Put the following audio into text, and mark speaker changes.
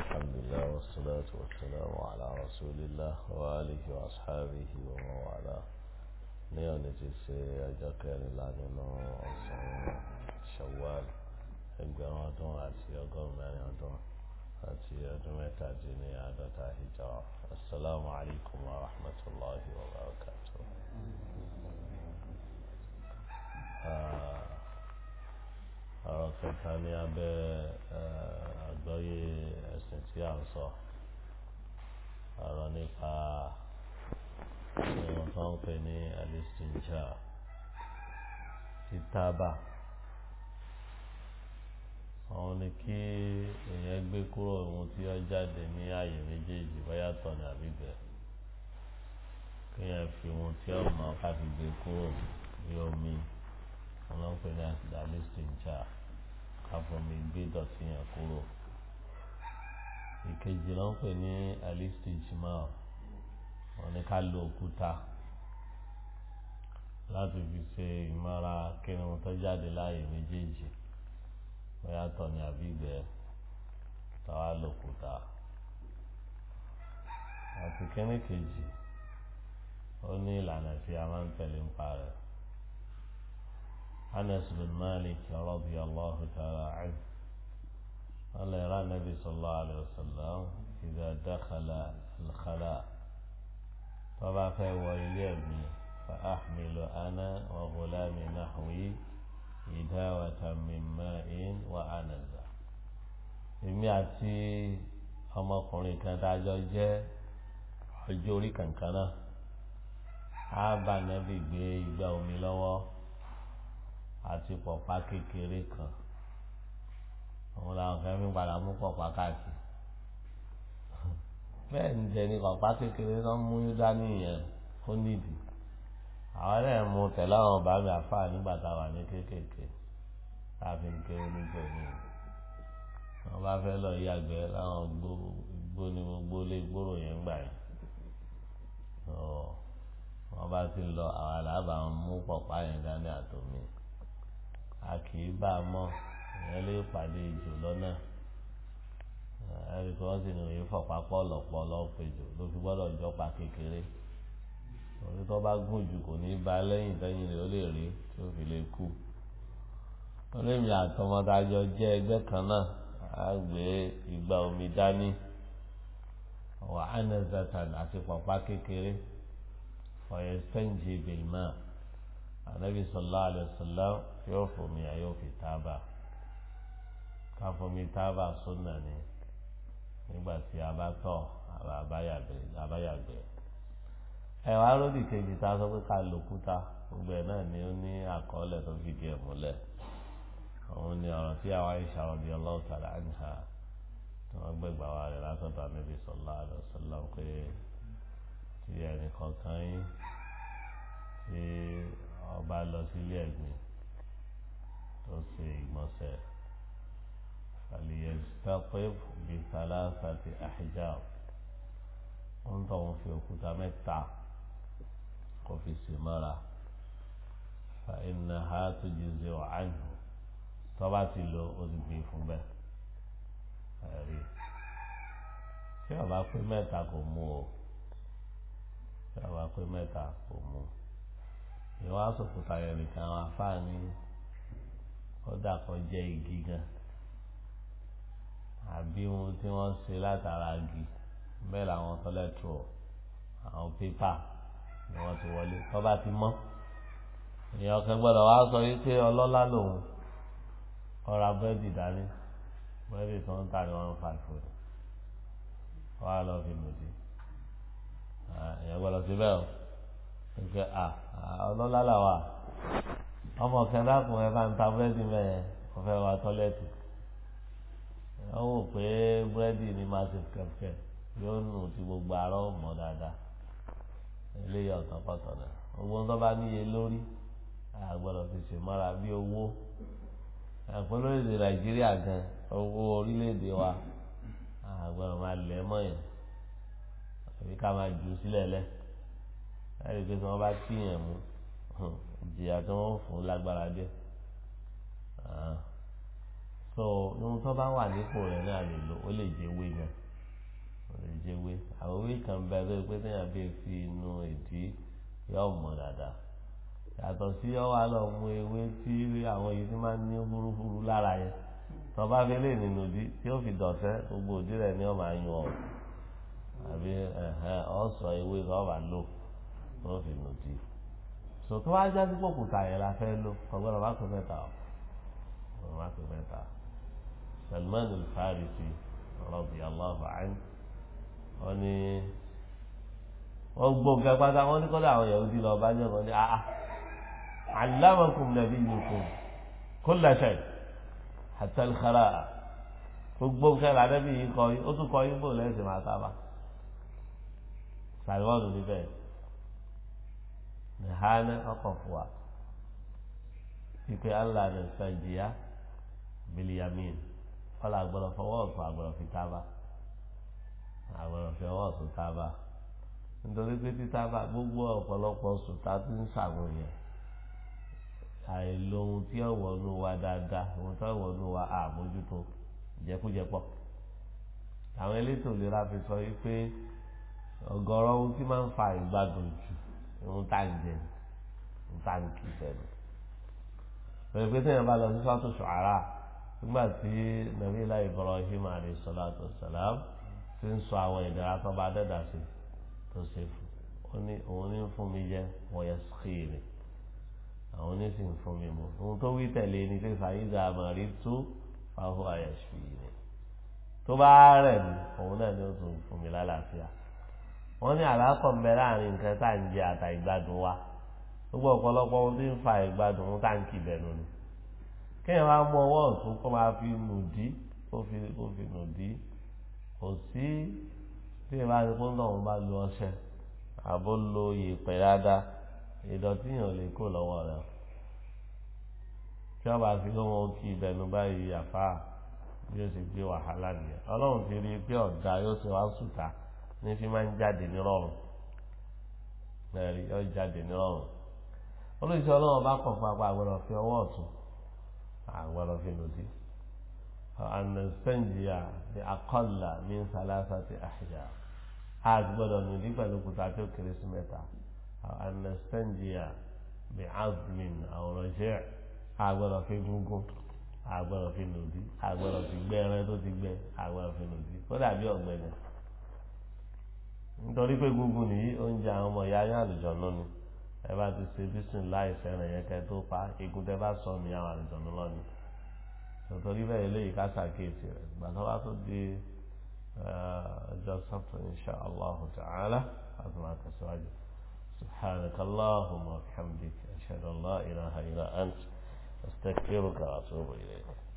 Speaker 1: الحمد لله والصلاة والسلام على رسول الله وآله وأصحابه وموالاه نيو نجيس أجاك يعني لانينو أصحابه شوال هنقوم أدوان أتي أقوم يعني أدوان أتي أدوان تاجيني أدو تاهي السلام عليكم ورحمة الله وبركاته أرى أبي أدوان à ń sọ ọ̀rọ̀ nípa ìwọ̀n tó ń pè ní alistinja títàbà àwọn ni kí èèyàn gbé kúrò ohun tí ó jáde ní ààyè méjèèjì bóyá tọ̀ ní àbíbẹ̀ kí èèyàn fi ohun tí ó mọ̀ káfí gbé kúrò ní omi wọn ló ń pè ní alistinja káfọ́mi gbé dọ̀tí yẹn kúrò ìkejì ló ń pè ní alistijmar wọ́n ní ká lo òkúta láti fi ṣe ìmọ̀ra kírun tó jáde láàyè méjèèjì bóyá tọ̀ ní àbígbẹ́ táwa lòkúta àti kíní kejì ó ní ìlànà tí a máa ń tẹ̀lé ń parẹ́ Anas bin Malik radiyallahu ta'ala anhu. الله يرى النبي صلى الله عليه وسلم إذا دخل الخلاء طبعا في وليمي فأحمل أنا وغلامي نحوي إداوة من ماء وعنز èmi àti ọmọkùnrin kan tá a jọ jẹ́ ọjọ́ orí kankan náà á bá nàbì gbé igbá omi lọ́wọ́ àwọn làwọn kan fi ń padà mú kọ̀pá káàkiri bẹ́ẹ̀ ní tẹ̀ ní kọ̀pá kékeré náà mú yín dání yẹn ó nídìí àwọn náà mú tẹ̀lé àwọn ọba mi àfáà nígbà tá a wà ní kéékèèké tá a fi ń kéré níjọ ní wọn bá fẹ́ lọ yàgbẹ́ láwọn gbó ní gbogbo lé gbòòrò yẹn gbà yẹn wọn bá ti lọ àwọn àlàbà mú pọ̀pá yẹn dání àtòmí a kì í bá a mọ́. ìyẹn lè pàdé ìjò lọ́nà ẹ̀rí tí wọ́n sì ní òye fọ̀pápọ̀ lọ̀pọ̀ lọ́pẹ̀jọ ló fi gbọ́dọ̀ jọpa kékeré tó bá gùn jù kò ní ba lẹ́yìn tẹ́yìn rẹ̀ ó lè rí tí fi lè kú torí àtọmọdájọ jẹ́ ẹgbẹ́ kan náà á omi dání wà á zatan àti kékeré yóò fòmìyà yóò fi káfọmi táàbà súnà ni nígbà tí a bá tọ̀ àbáyàgbé ẹ wá lódì kejì tá a sọ pé ká lòkúta gbogbo ẹ náà ni ó ní àkọọ́lẹ̀ tó fìdí ẹ̀ múlẹ̀ òun ni ọ̀rọ̀ tí àwa Aisha radiyallahu ta'ala anha tí wọ́n gbẹ̀gbà wa rẹ̀ látọ̀dọ̀ Ànábì sallallahu alaihi pé tí ẹnì yín tí ọba lọ sílé ẹ̀gbìn tó ṣe ìgbọ̀nsẹ̀. فليستطف بثلاثة أحجار انظروا في كتمتع وفي سمارة فإنها تجزي عنه طبعا له أذبي فمه هذه شو ما في متى كمو شو ما في متى كمو ìwọ́n aṣọ kùtà yẹn nìkan àfáà ní àbí ohun tí wọ́n ṣe látara gi bẹ́ẹ̀ làwọn tọ́lẹ̀tọ̀ àwọn pépà ni wọ́n ti wọlé tọ́ba ti mọ́ èèyàn kan gbọ́dọ̀ wá sọ wípé ọlọ́lá lòun ọ̀rá búrẹ́dì dání búrẹ́dì tó ń tà ní one oh five four wọ́n lọ fi mùtí èèyàn gbọ́dọ̀ sí bẹ́ẹ̀ o wípé ọlọ́lá làwà ọmọ kẹdàkùn ẹ bá ń ta búrẹ́dì mẹ́ẹ̀ẹ́ ọ̀fẹ́ wa tọ́lẹ̀tì wọ́n wò pé búrẹ́dì ni massive kẹ̀kẹ́ yóò nù tí gbogbo ara ó mọ̀ dáadáa eléyà ọ̀tọ̀kọ̀tọ̀ náà owó tó bá níye lórí àgbọ̀dọ̀ fi ṣèmọ́ra bí owó ẹ̀pọ̀ lórílẹ̀ nàìjíríà gan owó orílẹ̀-èdè wa àgbọ̀dọ̀ máa lẹ̀ mọ́ yẹn àbí ká máa jù sílẹ̀ lẹ́ láti pé tí wọ́n bá kíyàn mú ìjìyà tí wọ́n fún lágbára díẹ̀ so ohun tó bá wà nípò rẹ̀ náà lè lò ó lè jẹ́wé náà ó lè jẹ́wé àwọn ewé kan bẹ tó pé téèyàn bí fi inú ìdí yóò mọ̀ dáadáa yàtọ̀ sí ọwọ́ àlọ́ mú ewé tí àwọn yìí ti máa ń ní burúburú lára yẹn tó bá fi lè nínú ìdí tí ó fi dọ̀tẹ́ gbogbo òdí rẹ̀ ni ó máa yún ọ àbí ọ̀sọ̀ ewé lọ́ọ́ bá lò tó fi nù ìdí sòtò wájú àti pòkùtà yẹn la fẹ́ lò ọgbọ́n ọba kò fẹ́ ta ọ ọba kò Salman al-Farisi radiyallahu anhu wọ́n ní wọ́n gbọ́ nǹkan pátá wọ́n ní kọ́lá àwọn Yahudi lọ bá jẹ́ wọ́n ní àá allamakum nabiyukum kulla shay hatta al-khala'a gbogbo nǹkan làdẹ́bí yìí kọ́ yín ó tún kọ́ yín bò lẹ́sìn máa sábà sàlùwọ́n ní bẹ́ẹ̀ nìhánà ọkọ̀ fún wa pípé Allah ní sàǹjìyà bìlìyàmín kọ́lá àgbọ̀dọ̀ fọwọ́ ọ̀tún àgbọ̀dọ̀ fi tábà àgbọ̀dọ̀ fi ọwọ́ ọ̀tún tábà nítorí pé títábà gbogbo ọ̀pọ̀lọpọ̀ sùtá ti ń ṣàwọn yẹn àìlò ohun tí ọ̀wọ́ ló wa dáadáa ohun tí ọ̀wọ́ ló wa àmójútó jẹkújẹ pọ̀ àwọn elétò ìlera fi sọ wípé ọ̀gọ̀rọ̀ ohun tí máa ń fa ìgbádùn jù ohun tá ń jẹ ohun tá ń kí sẹ́nu pẹ̀lú pé téèyàn bá lọ sí sọ́tò ṣọ̀hárà nígbà tí nàbílá Ibrahim alayhi salatu wassalam ti ń sọ àwọn ìdára tó bá dẹ́dà sí tó ṣe fún ó ní òun ní fún mi jẹ wọ́yẹ skiri àwọn ní sì ń fún mi mu ohun tó wí tẹ̀lé ni pé fàyídà àmàrí tú fáwọn àyàṣù yìí ni tó bá rẹ̀ mí òun náà ni ó tún fún mi lálàáfíà wọ́n ní àlákọ̀ ń bẹ láàrin nǹkan tá à ń jẹ àtà ìgbádùn wa gbogbo ọ̀pọ̀lọpọ̀ ohun tí ń fa ìgbádùn táǹkì bẹ̀rù ni kéèyàn máa mú ọwọ́ ọ̀tún kó máa fi nù dí kó fi kó fi nù dí kò sí bí ìbá ti kó náà wọn bá lu ọṣẹ àbó lo yèèpẹ̀ dáadáa ìdọ̀tí yàn lè kó lọ́wọ́ rẹ̀ tí wọ́n bá fi lóhun kí ìbẹ̀nu báyìí àfa bí ó sì gbé wàhálà nìyẹn ọlọ́run ti rí i pé ọ̀dà yóò ṣe wá sùtà ní fi máa ń jáde nírọ̀rùn ẹ̀rí yóò jáde nírọ̀rùn olóyìí sọ ọlọ́run bá kọ̀ fún apá àgbọ̀dọ̀ ọwọ́ ọ̀tún àwọn ọlọ́fin lòdì ànàsẹ́njìyà ní akọ́là ní sàlásà ti àṣìyà àgbọ̀dọ̀ nìdí pẹ̀lú kùtà tó kéré sí mẹ́ta ànàsẹ́njìyà bí azmin àwòránṣẹ́ àgbọ̀dọ̀ fi gúngún àgbọ̀dọ̀ fi lòdì àgbọ̀dọ̀ fi gbẹ ẹran tó ti gbẹ àgbọ̀dọ̀ fi lòdì ó dàbí ọ̀gbẹ́ni nítorí pé gúngún nìyí oúnjẹ àwọn ọmọ ìyá yín àlùjọ náà ni ẹ bá ti ṣe bísìn láì fẹ́ràn yẹn kẹ́ tó pa egun tẹ bá sọ mi àwọn àrùntàn lọ́nà tòtòrí bẹ́ẹ̀ eléyìí ká ṣàkíyèsí rẹ̀ gbà tó bá tó di uh, ọjọ́ sábà insha allah ta'ala àti máa سبحانك اللهم وبحمدك أشهد أن لا إله إلا أنت أستغفرك وأتوب إليك